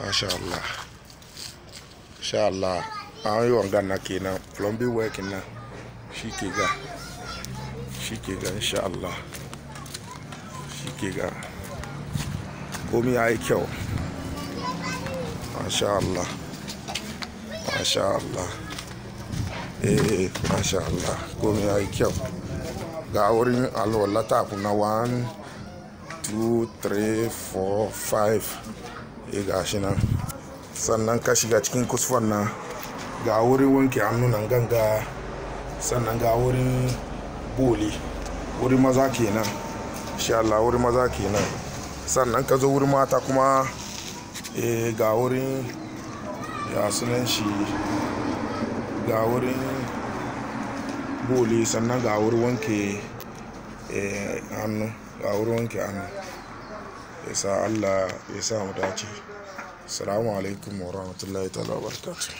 masha Allah an yi wangan na kenan plumbing work nan shi ke ga shi ke ga insha shi ke ga komi ya yi kyau masha Allah eh masha komi ya yi kyau ga wurin alwallata kuna 1 2 3 4 5 ya eh, gashi nan sannan ka shiga cikin kusfan nan ga wurin wanke hannu nan ganga sannan ga wurin boli wurin maza kenan insha Allah wurin maza kenan sannan ka zo wurin mata kuma e, ga wurin ya sunan shi ga wurin boli sannan ga wurin wanke eh, hannu ga wurin wanke hannu Yasa Allah ya sa mu dace assalamu alaikum wa rahmatullahi ta'ala wa barakatuh